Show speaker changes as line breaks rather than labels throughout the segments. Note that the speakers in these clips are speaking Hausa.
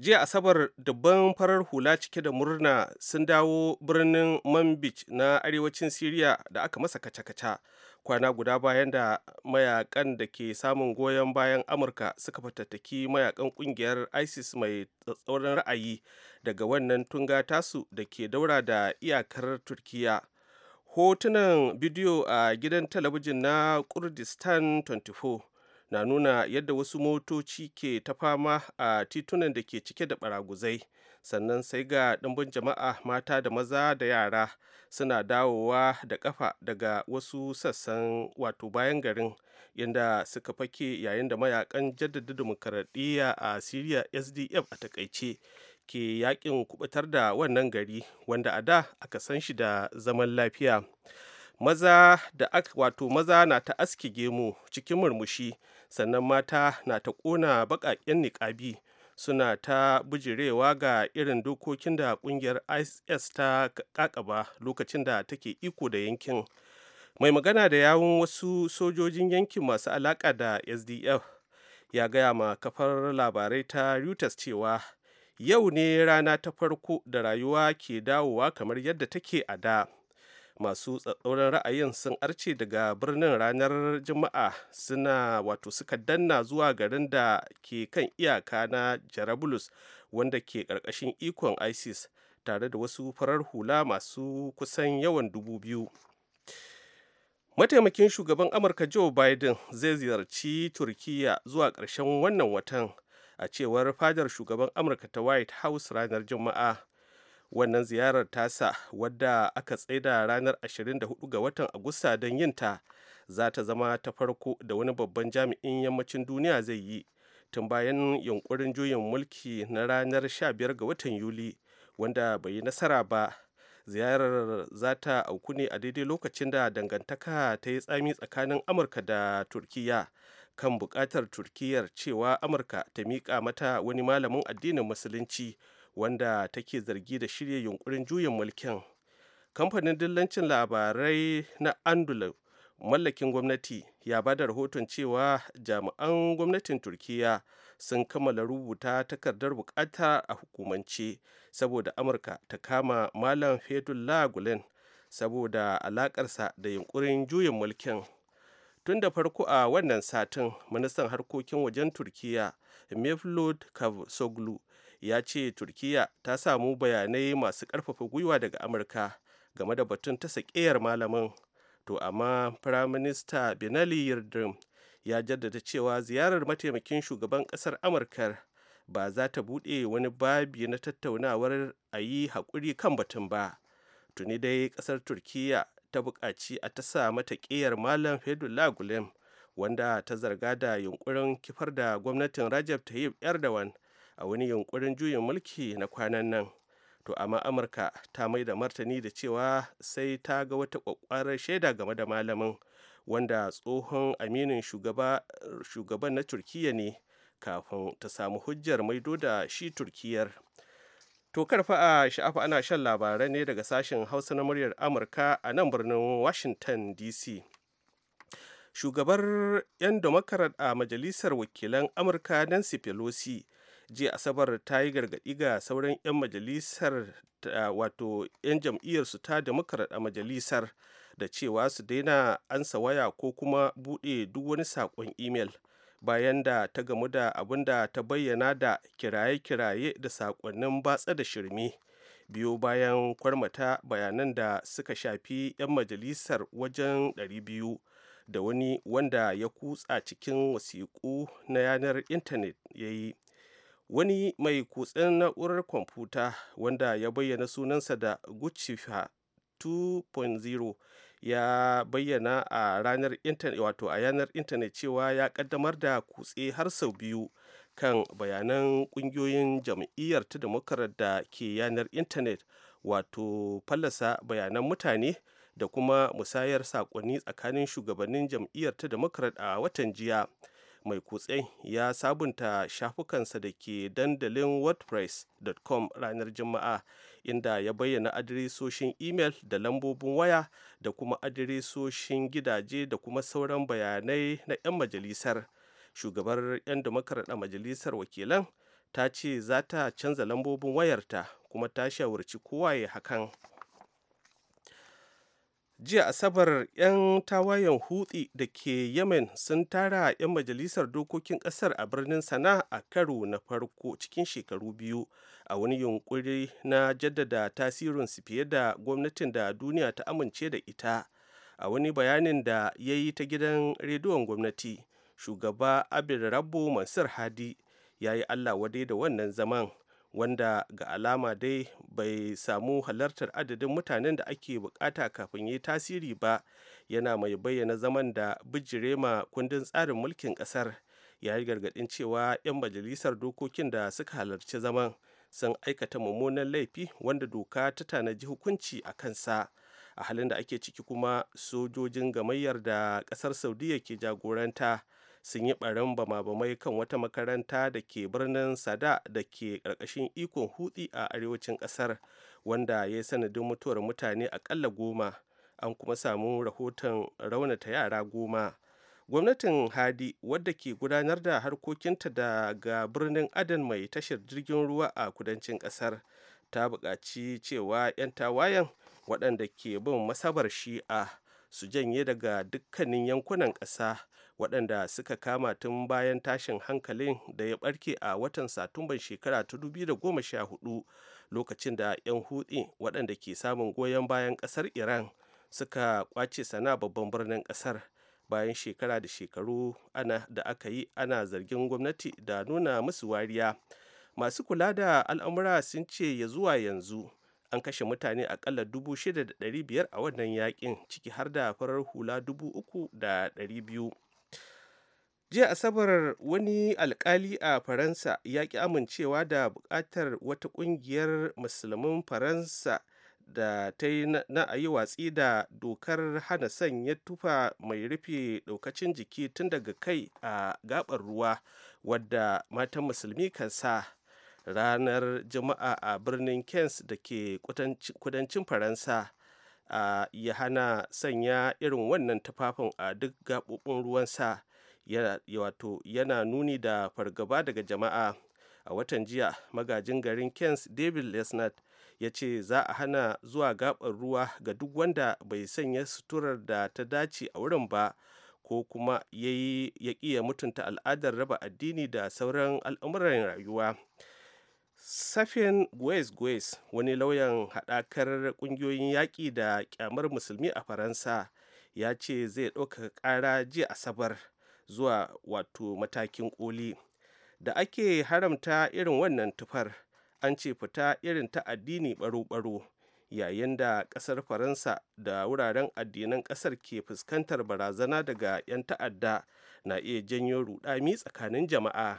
jiya asabar dabban farar hula cike da murna sun dawo birnin manbij na arewacin siriya da aka masa kaca-kaca kwana guda bayan da mayakan da ke samun goyon bayan amurka suka fatattaki mayakan kungiyar isis mai tsatsauran ra'ayi daga wannan tunga tasu da ke daura da iyakar turkiya hotunan bidiyo a gidan talabijin na kurdistan 24 na nuna yadda wasu motoci ke ta fama a titunan da ke cike da baraguzai sannan sai ga ɗimbin jama'a mata da maza da yara suna dawowa da ƙafa daga wasu sassan wato bayan garin yadda suka fake yayin da mayakan jaddada demokaradiyya a syria sdf a takaice ke yakin kubutar da wannan gari wanda a da aka san shi da zaman lafiya maza da aka wato maza na ta aski gemu cikin murmushi sannan mata na ta ƙona baƙaƙen niƙabi suna ta bujirewa ga irin dokokin da ƙungiyar is ta ƙaƙaba lokacin da take iko da yankin mai magana da yawun wasu sojojin yankin masu alaƙa da sdf ya gaya ma kafar labarai ta reuters cewa yau ne rana ta farko da rayuwa ke dawowa kamar yadda take a da masu tsatsauran ra'ayin sun arce daga birnin ranar juma'a suna wato suka danna zuwa garin da ke kan iyaka na jarabulus wanda ke ƙarƙashin ikon isis tare da wasu farar hula masu kusan yawan dubu biyu mataimakin shugaban amurka joe biden zai ziyarci turkiya zuwa ƙarshen wannan watan a cewar fadar shugaban amurka ta white house ranar juma'a wannan ziyarar tasa wadda aka tsaida ranar 24 ga watan agusta don yin ta za ta zama ta farko da wani babban jami'in yammacin duniya zai yi tun bayan yunkurin juyin mulki na ranar 15 ga watan yuli wanda bai yi nasara ba ziyarar za ta auku ne a daidai lokacin da dangantaka ta yi tsami tsakanin amurka da turkiya kan buƙatar turkiyar cewa amurka ta miƙa mata wani malamin addinin musulunci wanda take zargi da shirya yunkurin juyin mulkin kamfanin dillancin labarai na andula mallakin gwamnati ya ba da rahoton cewa jami'an gwamnatin turkiya sun kammala rubuta takardar bukata a hukumance saboda amurka ta kama malam fetullah gulen saboda alakarsa da yunkurin juyin mulkin tun da farko a wannan satin ministan harkokin wajen turkiya mevlut kavsoglu ya ce turkiya ta samu bayanai masu karfafa gwiwa daga amurka game da batun ta sakeyar malamin to amma firaminista benali yardim ya jaddada cewa ziyarar mataimakin shugaban kasar amurka ba za ta buɗe wani babi na tattaunawar a yi haƙuri kan batun ba tuni dai ƙasar turkiya ta buƙaci a ta sa mata ƙeyar malam fedullah gulem wanda ta zarga da yunkurin kifar da gwamnatin rajab tayyip erdogan a wani yunkurin juyin mulki na kwanan nan to amma amurka ta mai da martani da cewa sai ta ga wata kwakwarar shaida game da malamin wanda tsohon aminin shugaban na Turkiyya ne kafin ta samu hujjar maido da shi turkiyar to karfa a sha'afa ana shan labarai ne daga sashen hausa na muryar amurka a nan birnin washington dc shugabar 'yan damakarar a majalisar wakilan amurka nancy pelosi jiya asabar ta yi gargaɗi ga sauran 'yan majalisar wato 'yan jam'iyyarsu ta demokrat a majalisar da cewa su daina ansa waya ko kuma buɗe duk wani saƙon imel bayan da ta gamu da abin da ta bayyana da kiraye-kiraye da saƙonnin batsa da shirme biyo bayan kwarmata bayanan da suka shafi 'yan majalisar wajen 200 da wani wanda ya kutsa cikin wasiƙu na yanar intanet ya yi wani mai kutsen na'urar kwamfuta wanda ya bayyana sunansa da guccifa 2.0 ya bayyana a ranar intanet wato a yanar intanet cewa ya kaddamar da kutse har sau biyu kan bayanan kungiyoyin jam'iyyar ta demokrat da ke yanar intanet wato fallasa bayanan mutane da kuma musayar sakonni tsakanin shugabannin jam'iyyar ta demokrat a watan jiya mai kutse ya sabunta shafukansa da ke dandalin wordpress.com ranar juma'a inda ya bayyana adiresoshin imel da lambobin waya da kuma adiresoshin gidaje da kuma sauran bayanai na 'yan majalisar shugabar 'yan damakar majalisar wakilan ta ce za ta canza lambobin wayarta kuma ta shawarci kowa ya hakan jiya asabar 'yan tawayen hutsi da ke yemen sun tara 'yan majalisar dokokin kasar a birnin sana a karo na farko cikin shekaru biyu a wani yunkuri na jaddada tasirin su fiye da gwamnatin da duniya ta amince da ita a wani bayanin da ya yi ta gidan rediyon gwamnati shugaba abin rabu mansur hadi ya yi allah wadai da wannan zaman wanda ga alama dai bai samu halartar adadin mutanen da ake bukata kafin yi tasiri ba yana mai bayyana zaman da bijirema kundin tsarin mulkin kasar ya yi gargadin cewa 'yan majalisar dokokin da suka halarci zaman sun aikata mummunan laifi wanda doka ta tanaji hukunci a kansa a halin da ake ciki kuma sojojin gamayyar da kasar saudiya ke jagoranta sun yi barin bama-bamai kan wata makaranta da ke birnin sada da ke ƙarƙashin ikon hutsi a arewacin ƙasar wanda ya yi sanadin mutuwar mutane aƙalla goma an kuma samu rahoton raunata yara goma gwamnatin hadi wadda ke gudanar da harkokinta daga birnin adan mai tashar jirgin ruwa a kudancin ƙasar ta buƙaci cewa 'yan tawayen waɗanda ke bin masabar shi'a su janye daga dukkanin yankunan ƙasa waɗanda suka kama tun bayan tashin hankalin da ya ɓarke a watan satumban shekara ta 2014 lokacin da 'yan hutu waɗanda ke samun goyon bayan ƙasar iran suka kwace sana babban birnin ƙasar bayan shekara da shekaru ana da aka yi ana zargin gwamnati da nuna musu wariya masu kula da al'amura sun ce ya zuwa yanzu an kashe mutane akalla 6,500 a wannan yakin ciki har da farar hula 3,200 jiya asabar wani alkali a faransa ya ki amincewa da buƙatar wata ƙungiyar musulmin faransa da ta yi na a yi watsi da dokar hana sanya tufa mai rufe ɗaukacin jiki tun daga kai a gaɓar ruwa wadda matan musulmi kan sa ranar jama'a a birnin kens da ke kudancin faransa a ya hana sanya irin wannan tufafin a duk gaɓoɓin ruwansa wato yana nuni da fargaba daga jama'a a watan jiya magajin garin kens david lesnat ya ce za a hana zuwa gabar ruwa ga duk wanda bai sanya suturar da ta dace a wurin ba ko kuma ya yi ya mutunta al'adar raba addini da sauran al'amuran rayuwa safin guez guez wani lauyan haɗakar ƙungiyoyin yaƙi da kyamar musulmi a faransa ya ce zai ɗauka ƙara jiya asabar zuwa wato matakin koli da ake haramta irin wannan tufar an ce fita irin ta addini baro-baro yayin da kasar faransa da wuraren addinan kasar ke fuskantar barazana daga 'yan ta'adda na iya janyo rudami tsakanin jama'a.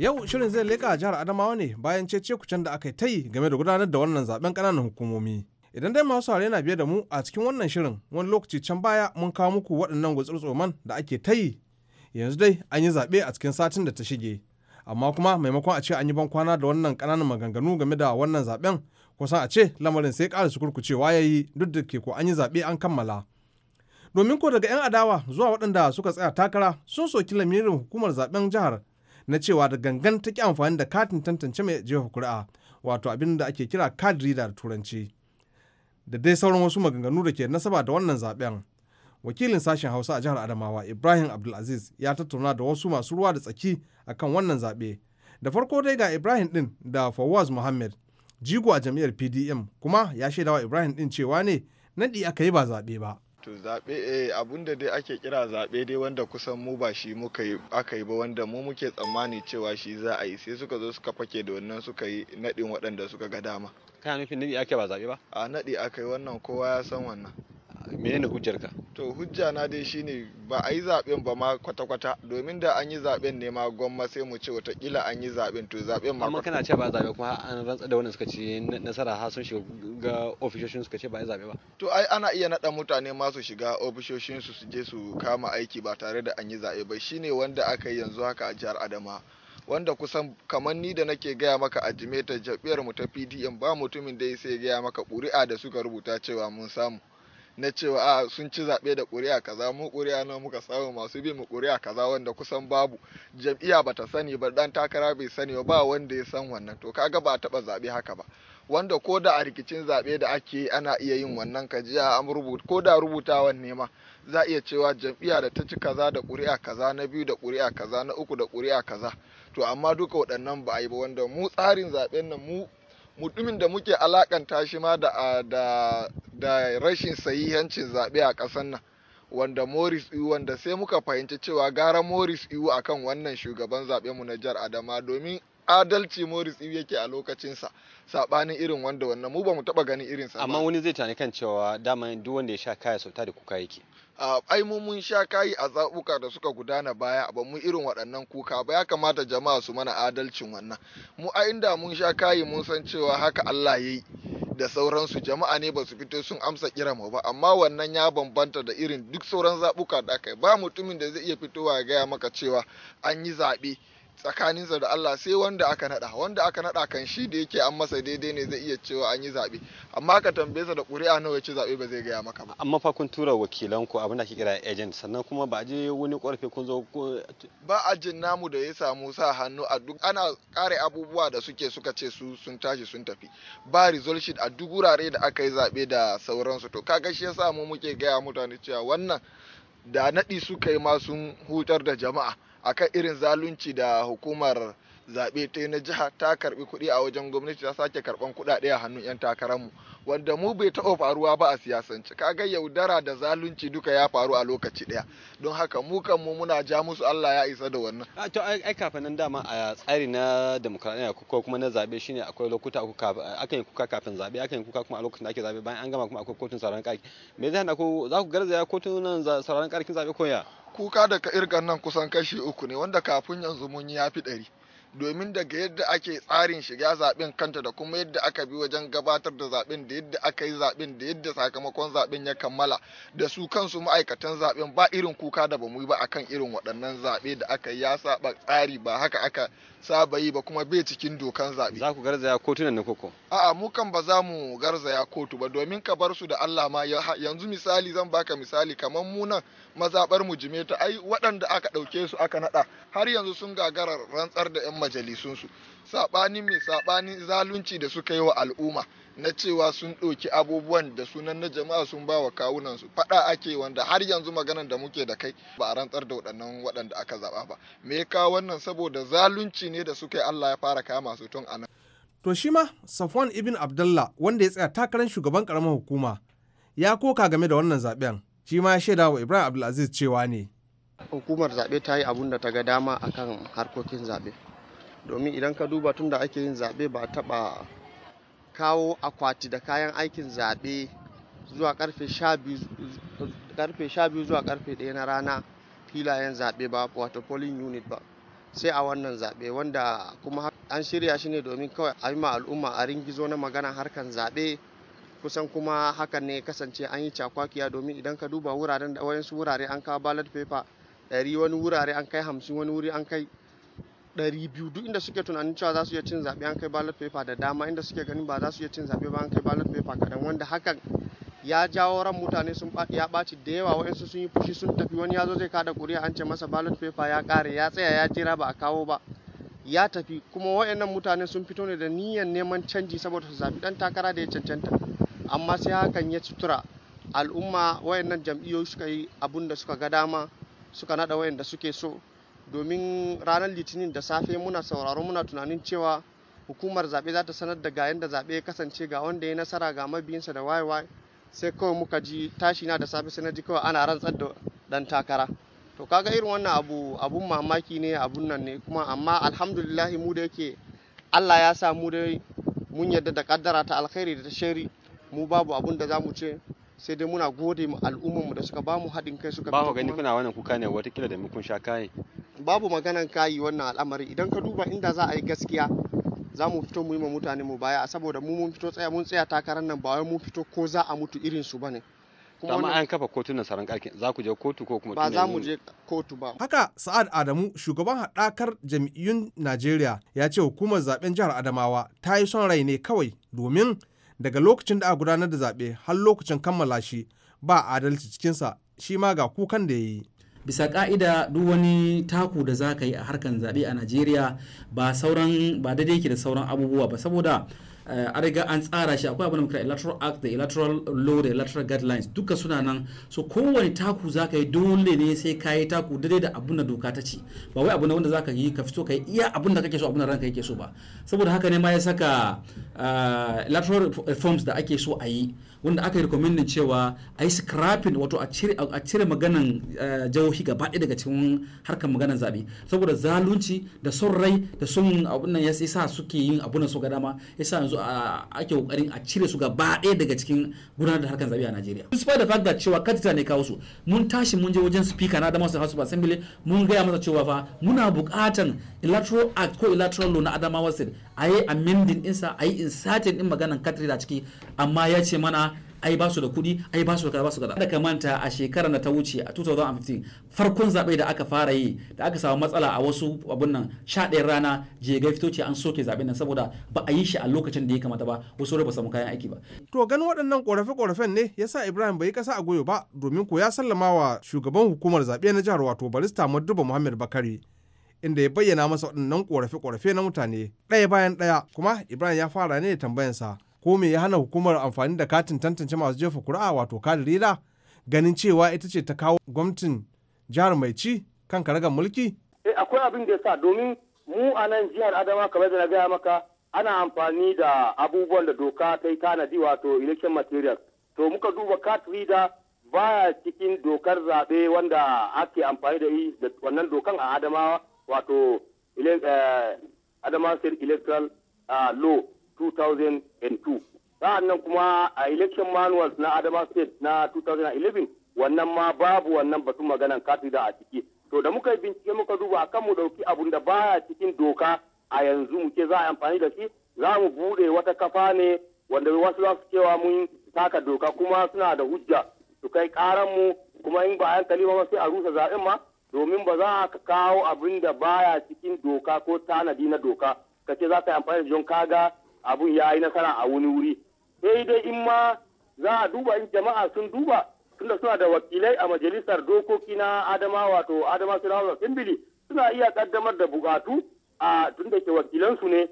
Yau shirin zai leƙa jihar Adamawa ne bayan cece kucen da aka yi ta yi game da gudanar da wannan zaben ƙananan hukumomi. Idan dai masu saurare na biye da mu a cikin wannan shirin wani lokaci can baya mun kawo muku waɗannan gutsurtsoman da ake ta yi. Yanzu dai an yi zaɓe a cikin satin da ta shige. Amma kuma maimakon a ce an yi bankwana da wannan ƙananan maganganu game da wannan zaɓen kusan a ce lamarin sai ƙara kurkucewa ya yi duk da ke ko an yi zaɓe an kammala. domin ko daga 'yan adawa zuwa waɗanda suka tsaya takara sun soki lamirin hukumar zaben jihar na cewa da gangan ta ki amfani da katin tantance mai jefa kuri'a wato abin da ake kira card reader da turanci da dai sauran wasu maganganu da ke nasaba da wannan zaben wakilin sashen hausa a jihar adamawa ibrahim abdulaziz ya tattauna da wasu masu ruwa da tsaki akan wannan zaɓe da farko dai ga ibrahim din da fawaz muhammad jigo a jam'iyyar pdm kuma ya shaidawa ibrahim din cewa ne naɗi aka yi ba zaɓe ba
To zaɓe eh dai ake kira zaɓe dai wanda kusan mu ba shi muka yi aka yi ba wanda mu muke tsammani cewa shi za a yi sai suka zo suka fake da wannan suka yi naɗin waɗanda suka ga dama. Kana nufin naɗi ake ba zaɓe ba? A naɗi aka yi wannan kowa ya san wannan. menene hujjarka to hujja na dai shine ba a yi zaben ba ma kwata-kwata domin da an yi zaben ne ma gwamma sai mu ce watakila an yi zaben to zaben ma amma kana
ce ba zabe kuma an rantsa da wanda suka ce nasara har sun shiga ga ofishoshin suka ce ba a yi zabe ba
to ai ana iya nada mutane ma su shiga ofishoshin su su je su kama aiki ba tare da an yi zabe ba shine wanda aka yi yanzu haka a jihar Adama wanda kusan kamar ni da nake gaya maka a jimeta jabiyar mu ta PDM ba mutumin da sai gaya maka ƙuri'a da suka rubuta cewa mun samu na cewa a ah, sun ci zaɓe da ƙuri'a kaza mu ƙuri'a na muka samu masu bi mu ƙuri'a kaza wanda kusan babu jam'iyya ta sani ba dan takara bai sani ba wanda ya san wannan to kaga ba a taɓa zaɓe haka ba wanda ko da a rikicin zaɓe da ake ana iya yin wannan kajiya an rubuta ko da rubutawan ne ma za iya cewa jam'iyya da ta ci kaza da ƙuri'a kaza na biyu da ƙuri'a kaza na uku da ƙuri'a kaza to amma duka waɗannan ba a yi ba wanda mu tsarin zaɓen nan mu mutumin da muke alakanta shi ma da da da rashin sahihancin zaɓe a ƙasar nan wanda Morris Iwu wanda sai muka fahimci cewa gara Morris Iwu akan wannan shugaban zaɓe mu na jar Adama domin adalci Morris Ibe yake a lokacinsa sabanin irin wanda wannan mu ba mu taba ganin irinsa amma
wani zai tani kan cewa dama duk wanda ya sha kaya sauta da kuka yake
ai mu sha kayi a zabuka da suka gudana baya ba mu irin waɗannan kuka ba ya kamata jama'a su mana adalcin wannan mu a inda mun sha kayi mun san cewa haka Allah ya yi da sauransu jama'a ne ba su fito sun amsa kira mu ba amma wannan ya bambanta da irin duk sauran zabuka da aka yi ba mutumin da zai iya fitowa ya gaya maka cewa an yi zaɓe tsakaninsa da Allah sai wanda aka nada wanda aka nada kan shi da yake an masa daidai ne zai iya cewa an yi zabe amma ka tambaye sa da ƙuri'a nawa ya zabe ba zai gaya maka
ba amma fa kun tura wakilan ku abinda ake kira agent sannan
kuma ba a je wani ƙorafi kun zo ba a namu da ya samu sa hannu a duk ana kare abubuwa da suke suka ce su sun tashi sun tafi ba result sheet a duk wurare da aka yi zabe da sauransu to kaga shi yasa mu muke gaya mutane cewa wannan da naɗi suka yi ma sun hutar da jama'a akan irin zalunci da hukumar zaɓe ta na jiha ta karɓi kuɗi a wajen gwamnati ta sake karɓan kuɗaɗe a hannun 'yan takararmu wanda mu bai taɓa faruwa ba a siyasance ka ga yaudara da zalunci duka ya faru a lokaci ɗaya don haka mu kanmu muna ja musu Allah ya isa da wannan a to ai kafin nan dama a tsari
na demokradiyya ko kuma na zaɓe shine akwai lokuta uku akan yi kuka kafin zaɓe akan yi kuka kuma a lokacin da ake zaɓe bayan an gama kuma akwai kotun sauran ƙarki me zai hana ku za ku garzaya kotun nan sauran ƙarkin zaɓe
ko ya kuka da irgan nan kusan kashi uku ne wanda kafin yanzu mun yi yafi ɗari domin daga yadda ake tsarin shiga zaɓen kanta da kuma yadda aka bi wajen gabatar da zaɓen da yadda aka yi zaɓen da yadda sakamakon zaɓen ya kammala da su kansu ma'aikatan zaɓen ba irin kuka da bamu yi ba akan irin waɗannan zaɓe da aka ya saba tsari ba haka aka saba yi ba kuma bai cikin dokan zaɓe. Za ku garzaya kotu na koko? A'a mu kan ba za mu garzaya kotu ba domin ka bar su da Allah ma yanzu misali zan baka misali kamar mu nan Mazabarmu mu jimeta ai waɗanda aka ɗauke su aka naɗa har yanzu sun gagara rantsar da 'yan majalisunsu saɓani mai saɓani zalunci da suka yi wa al'umma na cewa sun ɗauki abubuwan da sunan na jama'a sun ba wa kawunansu faɗa ake wanda har yanzu maganan da muke da kai ba a rantsar da waɗannan waɗanda aka zaɓa ba me ya kawo wannan saboda zalunci ne da suka yi Allah ya fara kama masu tun anan.
To shi ma Safwan Ibn Abdallah wanda ya tsaya takarar shugaban karamar hukuma ya koka game da wannan zaɓen. shi ma ya shaida wa ibrahim abdulaziz cewa
ne hukumar zaɓe ta yi abun da ta ga dama akan harkokin zaɓe domin idan ka duba tun da ake yin zaɓe ba taɓa kawo akwati da kayan aikin zaɓe zuwa karfe 12 zuwa karfe 1 na rana filayen zaɓe ba wato polling unit ba sai a wannan zaɓe wanda kuma an shirya shi ne domin kawai a yi ma al'umma a ringizo na magana harkan zaɓe kusan kuma hakan ne kasance an yi cakwakiya domin idan ka duba wuraren da wayansu wurare an kawo ballot paper ɗari wani wurare an kai hamsin wani wuri an kai ɗari biyu duk inda suke tunanin cewa za su iya cin zaɓe an kai ballot paper da dama inda suke ganin ba za su iya cin zaɓe ba an kai ballot paper kaɗan wanda hakan ya jawo ran mutane sun ya ɓaci da yawa waɗansu sun yi fushi sun tafi wani ya zo zai kada ƙuri'a an ce masa ballot paper ya ƙare ya tsaya ya jira ba a kawo ba ya tafi kuma waɗannan mutane sun fito ne da niyyar neman canji saboda su zaɓi ɗan takara da ya cancanta amma sai hakan ya sutura al'umma wayannan jam'iyyoyi suka yi abun da suka ga dama suka nada wayanda suke so domin ranar litinin da safe muna sauraro muna tunanin cewa hukumar zaɓe za ta sanar da ga yadda zaɓe ya kasance ga wanda ya nasara ga mabiyinsa da wayewa sai kawai muka ji tashi na da safe sai na ji kawai ana rantsar da dan takara to kaga irin wannan abu abun mamaki ne abun nan ne kuma amma alhamdulillah mu da yake Allah ya sa mu dai mun yarda da kaddara ta alkhairi da ta shari'a. mu babu abun da za mu ce sai dai muna gode ma mu da suka bamu haɗin kai suka babu gani kuna
wannan kuka ne watakila da kun sha kayi
babu maganan kayi wannan al'amari idan ka duba inda za a yi gaskiya za mu fito mu yi ma mutane mu baya saboda mu mun fito tsaya mun tsaya takarar nan ba wai mu fito ko za a mutu irin su bane kuma amma
an kafa kotunan saran karki za ku je kotu ko kuma ba
za mu je
kotu
ba
haka Sa'ad Adamu shugaban haɗakar jami'un Najeriya ya ce hukumar zaben jihar Adamawa ta yi son rai ne kawai domin daga lokacin da a gudanar da zaɓe har lokacin kammala shi ba adalci cikinsa shi ma ga kukan da ya yi.
bisa ka'ida duk wani taku da za ka yi a harkan zaɓe a najeriya ba sauran ba daidai ke da sauran abubuwa ba saboda Eh, a riga an tsara shi akwai abin da muka electoral act da electoral law da electoral guidelines duka suna nan so kowane taku za ka yi dole ne sai ka yi taku daidai da abin da doka ta ce ba wai abin da wanda za ka yi ka fito ka yi iya abin da kake so abin da ranka yake so ba saboda haka ne ma ya saka eh, electoral reforms da ake so a yi wanda aka yi recommending cewa a yi scrapping wato a cire maganan eh, jihohi gaba ɗaya daga cikin harkar maganan zaɓe saboda zalunci da son rai da son abin nan ya sa suke yin abin da so ga dama ya sa yanzu ake kokarin a cire su gaba ɗaya daga cikin gudanar da harkar zabe a Najeriya despite the fact that cewa katita ne kawo su mun tashi mun je wajen speaker na Adamawa House of Assembly mun gaya masa cewa fa muna buƙatan electoral act ko electoral law na Adamawa State a yi amending ɗinsa a yi inserting ɗin maganan katita ciki amma ya ce mana ai ba su da kuɗi ai ba su da ba su kaza ka manta a shekarar da ta wuce a 2015 farkon zabe da aka fara yi da aka samu matsala a wasu abun nan ɗayan rana je ga fito an soke zaben nan saboda ba a yi shi a lokacin da ya kamata ba wasu ba samu kayan aiki ba
to ganin waɗannan korafe-korafen ne yasa Ibrahim bai kasa a goyo ba domin ko ya sallama wa shugaban hukumar zabe na jihar wato barista Madduba Muhammad Bakari inda ya bayyana masa waɗannan korafe-korafe na mutane ɗaya bayan ɗaya kuma Ibrahim ya fara ne tambayansa ko me ya hana hukumar amfani da katin tantance masu jefa kura wato kada rida ganin cewa ita ce ta kawo gwamnatin jihar mai ci kan karagar mulki?
Eh, akwai abin da ya sa domin mu a nan jihar Adama kamar da na gaya maka ana amfani da abubuwan da doka ta yi tanadi wato election material. To muka duba card rida baya cikin dokar zaɓe wanda ake amfani da yi da wannan dokan a Adamawa wato eh, adama State Electoral ah, Law. 2002 sa'annan kuma a election manuals na adama state na 2011 wannan ma babu wannan batun maganan katida a ciki to da muka yi bincike muka duba kan mu dauki abun da baya cikin doka a yanzu muke za a amfani da shi za mu bude wata kafa ne wanda wasu za su cewa mun taka doka kuma suna da hujja su kai karan mu kuma in ba a yankali ba sai a rusa zaɓen ma domin ba za ka kawo abin da baya cikin doka ko tanadi na doka kace za ka yi amfani da jon kaga abun ya yi nasara a wani wuri sai dai in ma za a duba in jama'a sun duba tunda suna da wakilai a majalisar dokoki na adama wato adama suna house assembly suna iya kaddamar da bukatu a tunda ke wakilansu ne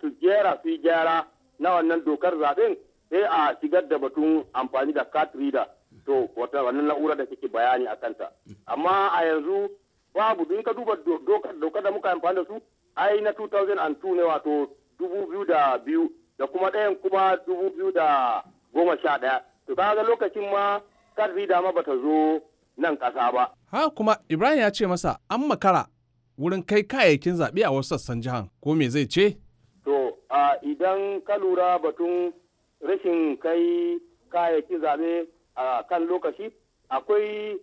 su jera su yi gyara na wannan dokar zaben sai a shigar da batun amfani da card reader to wata wannan na'ura da kake bayani a kanta amma a yanzu babu in ka duba dokar da muka amfani da su ai na 2002 ne wato dubu biyu da biyu da kuma ɗayan kuma dubu biyu da goma sha ɗaya to kaga lokacin ma karfi dama bata zo nan ƙasa ba.
Ha kuma Ibrahim ya ce masa an makara wurin kai kayayyakin zaɓe a wasu sassan jihar ko me zai ce?
To a idan ka lura batun rashin kai kayayyakin zaɓe a kan lokaci akwai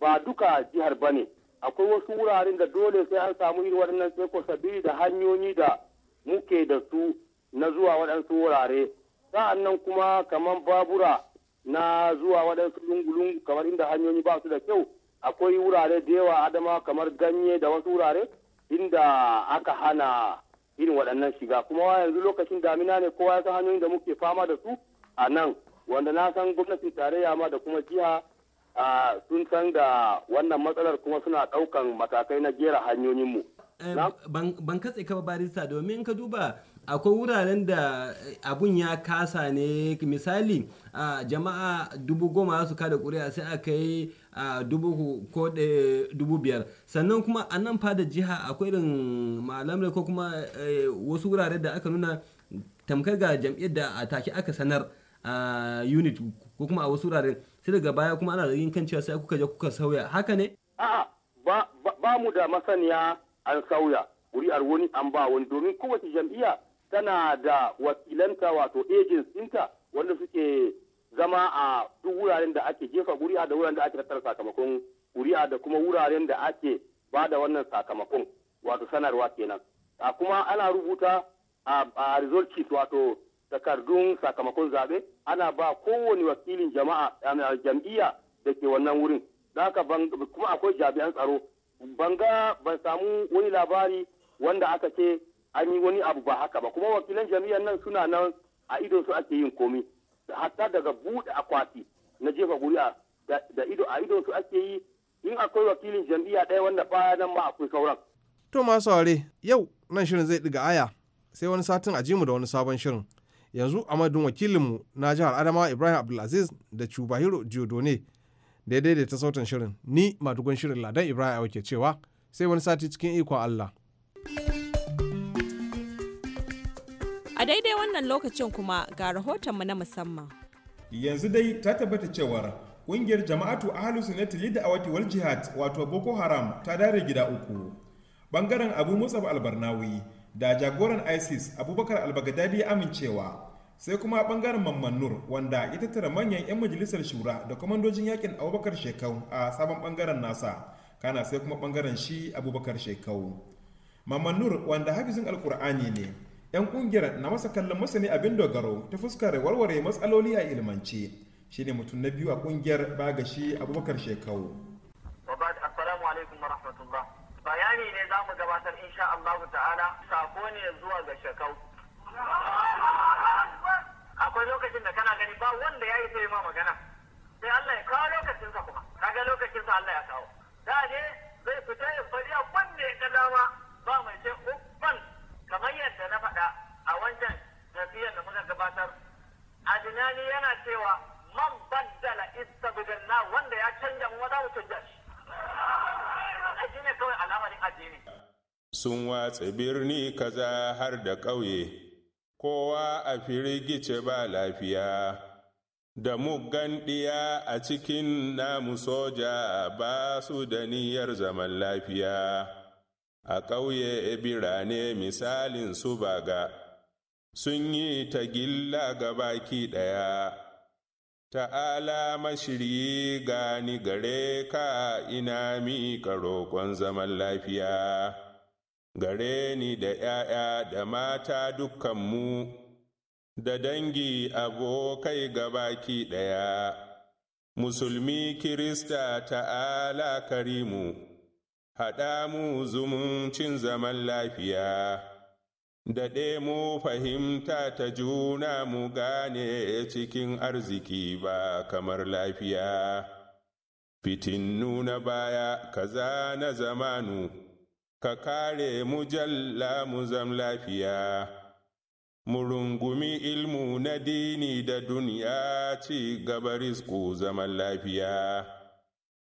ba duka jihar ba ne akwai wasu wuraren da dole sai an samu irin waɗannan ko sabi da hanyoyi da muke da su na zuwa waɗansu wurare sa'an nan kuma kamar babura na zuwa waɗansu lungu-lungu kamar inda hanyoyi ba su da kyau akwai wurare da yawa adama kamar ganye da wasu wurare inda aka hana irin waɗannan shiga kuma yanzu lokacin damina ne kowa ya san hanyoyin da muke fama da su a nan wanda na san gwamnatin tarayya ma da kuma jiha sun san da wannan matsalar kuma suna ɗaukan matakai na gera hanyoyin mu.
ban katse ka barista domin ka duba akwai wuraren da eh, abun ya kasa ne misali a jama'a dubu goma su kada kuri'a sai aka yi dubu ko eh, dubu biyar sannan kuma a nan fada jiha akwai irin malamai ko kuma eh, wasu wurare da aka nuna tamkar ga jam'iyyar da a take aka sanar a unit ko kuma a wasu wuraren sai daga baya kuma ana da yin kan cewa sai kuka je kuka sauya haka
ne a'a ba mu da masaniya an sauya kuri'ar wani an ba wani domin kowace jam'iyya tana da wakilanta wato agents ɗinta wanda suke zama a duk wuraren da ake jefa kuri'a da wuraren da ake tattara sakamakon kuri'a da kuma wuraren da ake ba da wannan sakamakon wato sanarwa kenan a kuma ana rubuta a result sheet wato takardun sakamakon zabe ana ba kowane wakilin jama'a jam'iyya da ke wannan wurin da haka kuma akwai jami'an tsaro banga ban samu wani labari wanda aka ce an yi wani abu ba haka ba kuma wakilan jami'an nan suna nan a idon su ake yin komi hatta daga buɗe akwati na jefa guri'a da ido a idon su ake yi in akwai wakilin jami'a ɗaya wanda baya nan ba akwai sauran.
To masu saurare yau nan shirin zai ɗiga aya sai wani satin a mu da wani sabon shirin. Yanzu a madadin wakilinmu na jihar adama Ibrahim Abdulaziz da Cubahiro Diodone daidai da ta sautan shirin ni madugun shirin ladan ibrahim auke cewa sai wani sati cikin ikon allah
a daidai wannan lokacin kuma ga rahotonmu na musamman
yanzu dai ta tabbata cewar kungiyar jama'atu ahalus sunnati lid a wal jihad wato boko haram ta dare gida uku bangaren abu musab albarnawi da jagoran isis abubakar albagadadi amincewa sai kuma bangaren mamman nur wanda ya tattara manyan 'yan majalisar shura da kwamandojin yakin abubakar shekau a sabon bangaren nasa kana sai kuma bangaren shi abubakar shekau mamman nur wanda hafizin alkur'ani ne 'yan kungiyar na masa kallon masani abin dogaro ta fuskar warware matsaloli a ilmance shine mutum na biyu a kungiyar bagashi abubakar shekau
bayani ne za mu gabatar insha Allah ta'ala sako ne zuwa ga shekau lokacin da kana gani ba wanda ya yi sai ma magana sai Allah ya kawo lokacin sa kuma kaga lokacin sa Allah ya kawo da ne zai fita ya fari wanda ya ga dama ba mai ce uban kamar yadda na faɗa a wancan tafiyar da muka gabatar adinani yana cewa man baddala na wanda ya canja mu za mu canja shi shine kawai al'amarin addini
sun watsa birni kaza har da ƙauye kowa a firgice ba lafiya, da muggan ɗiya a cikin namu soja ba su da niyyar zaman lafiya, a ƙauye birane misalin su baga, sun yi ta gilla ga baki ɗaya. Ta'ala mashiryi gani gare ka ina miƙa roƙon zaman lafiya. gare ni da ’ya'ya da mata dukkanmu, da dangi abokai gabaki ɗaya, musulmi Kirista ta'ala karimu, haɗa mu zumuncin zaman lafiya, daɗe mu fahimta ta juna mu gane cikin arziki ba kamar lafiya. Fitin nuna baya, kaza na zamanu. ka kare mu jalla mu zam lafiya mu rungumi ilmu na dini da duniya ci gaba risku zaman lafiya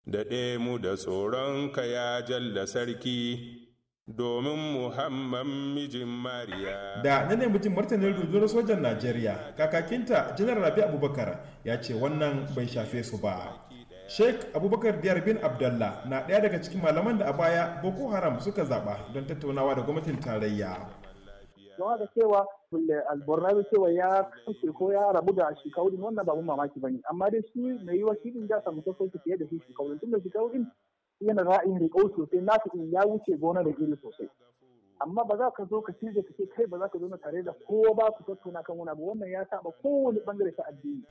daɗe mu da tsoronka ya jalla sarki domin muhammad mijin mariya
da na ne mijin martanin rundunar sojan najeriya kakakinta janar rabi abubakar ya ce wannan bai shafe su ba Sheikh Abubakar Diyar bin Abdallah na ɗaya daga cikin malaman da a baya Boko Haram suka zaɓa don tattaunawa da gwamnatin tarayya.
Yawa da cewa da cewa ya kashe ko ya rabu da shekaru wannan babu mamaki bane amma dai shi mai yi wakilin din ya samu fiye da shi shekaru tun da shekaru yana ra'ayin riƙau sosai na in ya wuce gona da iri sosai. Amma ba za ka zo ka cije ka ce kai ba za ka zo na tare da kowa ba ku tattauna kan wani abu wannan ya saba kowane bangare ta addini.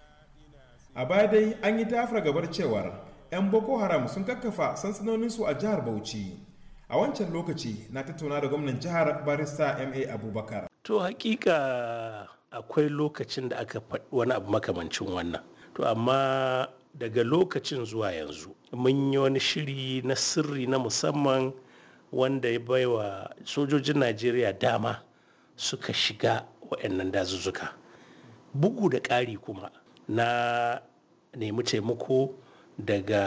a baya dai an yi ta gabar cewar 'yan boko haram sun kakkafa sansanoninsu a jihar bauchi a wancan lokaci na tattauna da gwamnan jihar barista ma abubakar
to hakika akwai lokacin da aka faɗi wani abu makamancin wannan to amma daga lokacin zuwa yanzu mun yi wani shiri na sirri na musamman wanda ya baiwa sojojin najeriya dama suka shiga waɗannan dazuzzuka bugu da ƙari kuma na nemi taimako daga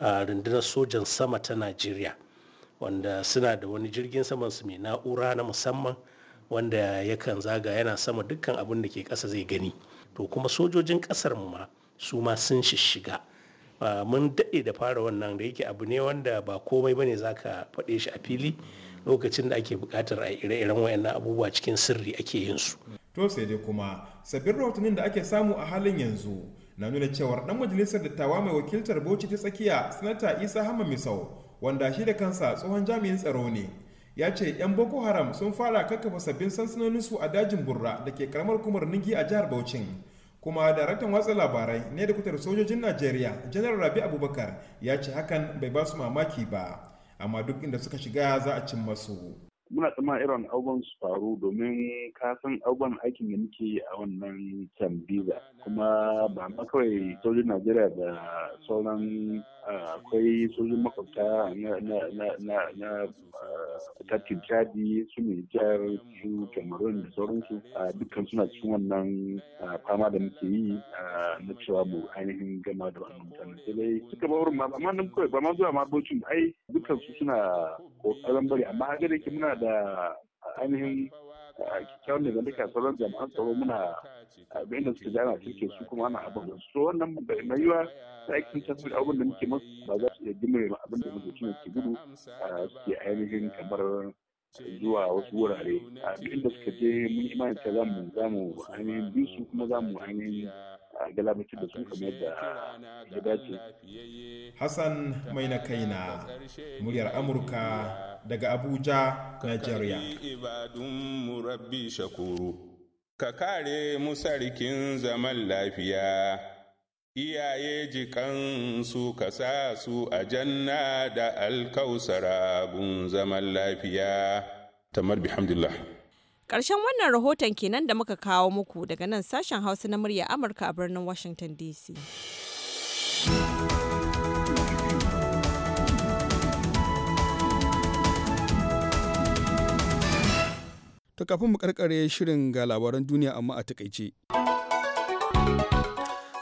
rundunar sojan sama ta najeriya wanda suna da wani jirgin saman su mai na'ura na musamman wanda yakan zaga yana sama dukkan abin da ke ƙasa zai gani to kuma sojojin ƙasar mu ma su ma sun shishiga mun daɗe da fara wannan da yake abu ne wanda ba komai bane zaka faɗe shi a fili lokacin da ake bukatar a ire-iren wayannan abubuwa cikin sirri ake yin su
to sai dai kuma sabbin rahotannin da ake samu a halin yanzu na nuna cewar dan majalisar dattawa mai wakiltar bauchi ta tsakiya sanata isa hama misau wanda shi da kansa tsohon jami'in tsaro ne ya ce 'yan boko haram sun fara kakkafa sabbin sansanonin su a dajin burra da ke karamar kumar ningi a jihar bauchin kuma daraktan watsa labarai ne da kutar sojojin najeriya janar rabi abubakar ya ce hakan bai ba su mamaki ba amma duk inda suka shiga za a cin masu muna tsama
irin abubuwan su faru domin kasan abubuwan aikin da muke yi a wannan tambiza kuma ba ma kawai sojin najeriya da sauran akwai sojin makwabta na eh, tattin chadi su nijar su cameroon da sauransu ah, dukkan suna cikin wannan ah, fama da muke yi ah, na cewa mu ainihin gama da wannan
mutane sai dai suka ba wurin amma nan
kawai ba ma zuwa ma bocin ai dukkan su suna kokarin bari amma haka da muna da ainihin kyakkyawan da zalika sauran jama'an tsaro muna abin da suka gana suke su kuma ana abubuwan su wannan bai mai yiwa ta aikin tasiri abin da muke masu ba za su iya gina mai abin da muke cin su gudu suke ainihin kamar zuwa wasu wurare a abin da suka je mun imanin ta za mu za mu ainihin bi su kuma za mu
ainihin
galabacin da su kamar yadda ya dace.
Hassan mai na kaina muryar Amurka daga Abuja, Nigeria.
Ibadun mu rabbi shakuru. ka kare mu sarkin zaman lafiya, iyaye jikansu ka sa su a janna da alkausara gun zaman lafiya. Tamar bihamdillah.
Ƙarshen wannan rahoton kenan da muka kawo muku daga nan sashen Hausa na murya Amurka a birnin Washington DC.
To kafin mu karkare shirin ga labaran duniya amma a takaice.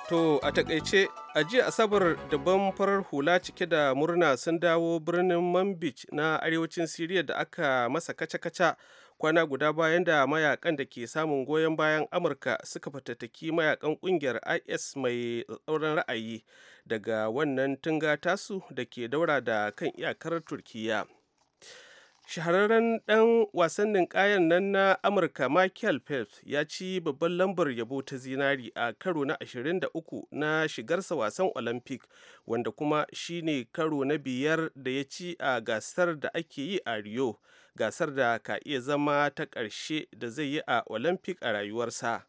To a takaice a jiya asabar daban farar hula cike da murna sun dawo birnin Manbij na arewacin Siriya da aka masa kaca-kaca kwana guda bayan da mayakan da ke samun goyon bayan Amurka suka fatattaki mayakan kungiyar IS mai tsauran ra'ayi daga wannan tunga tasu da ke daura da kan iyakar Turkiyya. shahararren ɗan wasan ninƙayan nan na amurka michael phelps ya ci babban lambar yabo ta zinari a karo na 23 na shigarsa wasan olympic wanda kuma shine karo na biyar da ya ci a gasar da ake yi a rio gasar da ka iya zama ta ƙarshe da zai yi a olympic a rayuwarsa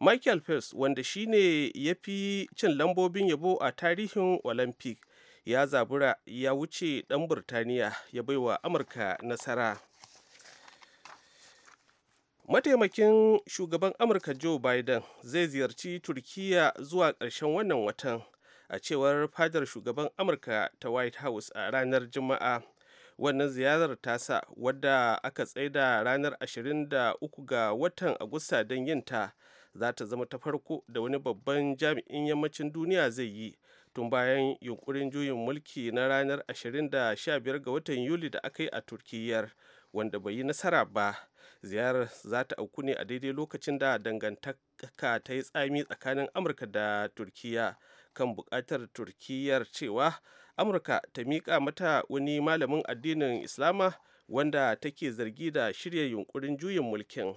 michael phelps wanda shine ya fi cin lambobin yabo a tarihin olympic ya zabura ya wuce dan burtaniya ya baiwa amurka nasara mataimakin shugaban amurka joe biden zai ziyarci turkiya zuwa ƙarshen wannan watan a cewar fadar shugaban amurka ta white house a ranar juma'a wannan ziyarar tasa wadda aka tsaida ranar 23 ga watan agusta don yinta za ta zama ta farko da wani babban jami'in yammacin duniya zai yi tun bayan yunkurin juyin mulki na ranar ashirin da biyar ga watan yuli da aka yi a turkiyyar wanda bai yi nasara ba ziyarar za ta auku ne a daidai lokacin da dangantaka ta yi tsami tsakanin amurka da turkiya kan bukatar turkiyyar cewa amurka ta miƙa mata wani malamin addinin islama wanda take zargi da shirya yunkurin juyin mulkin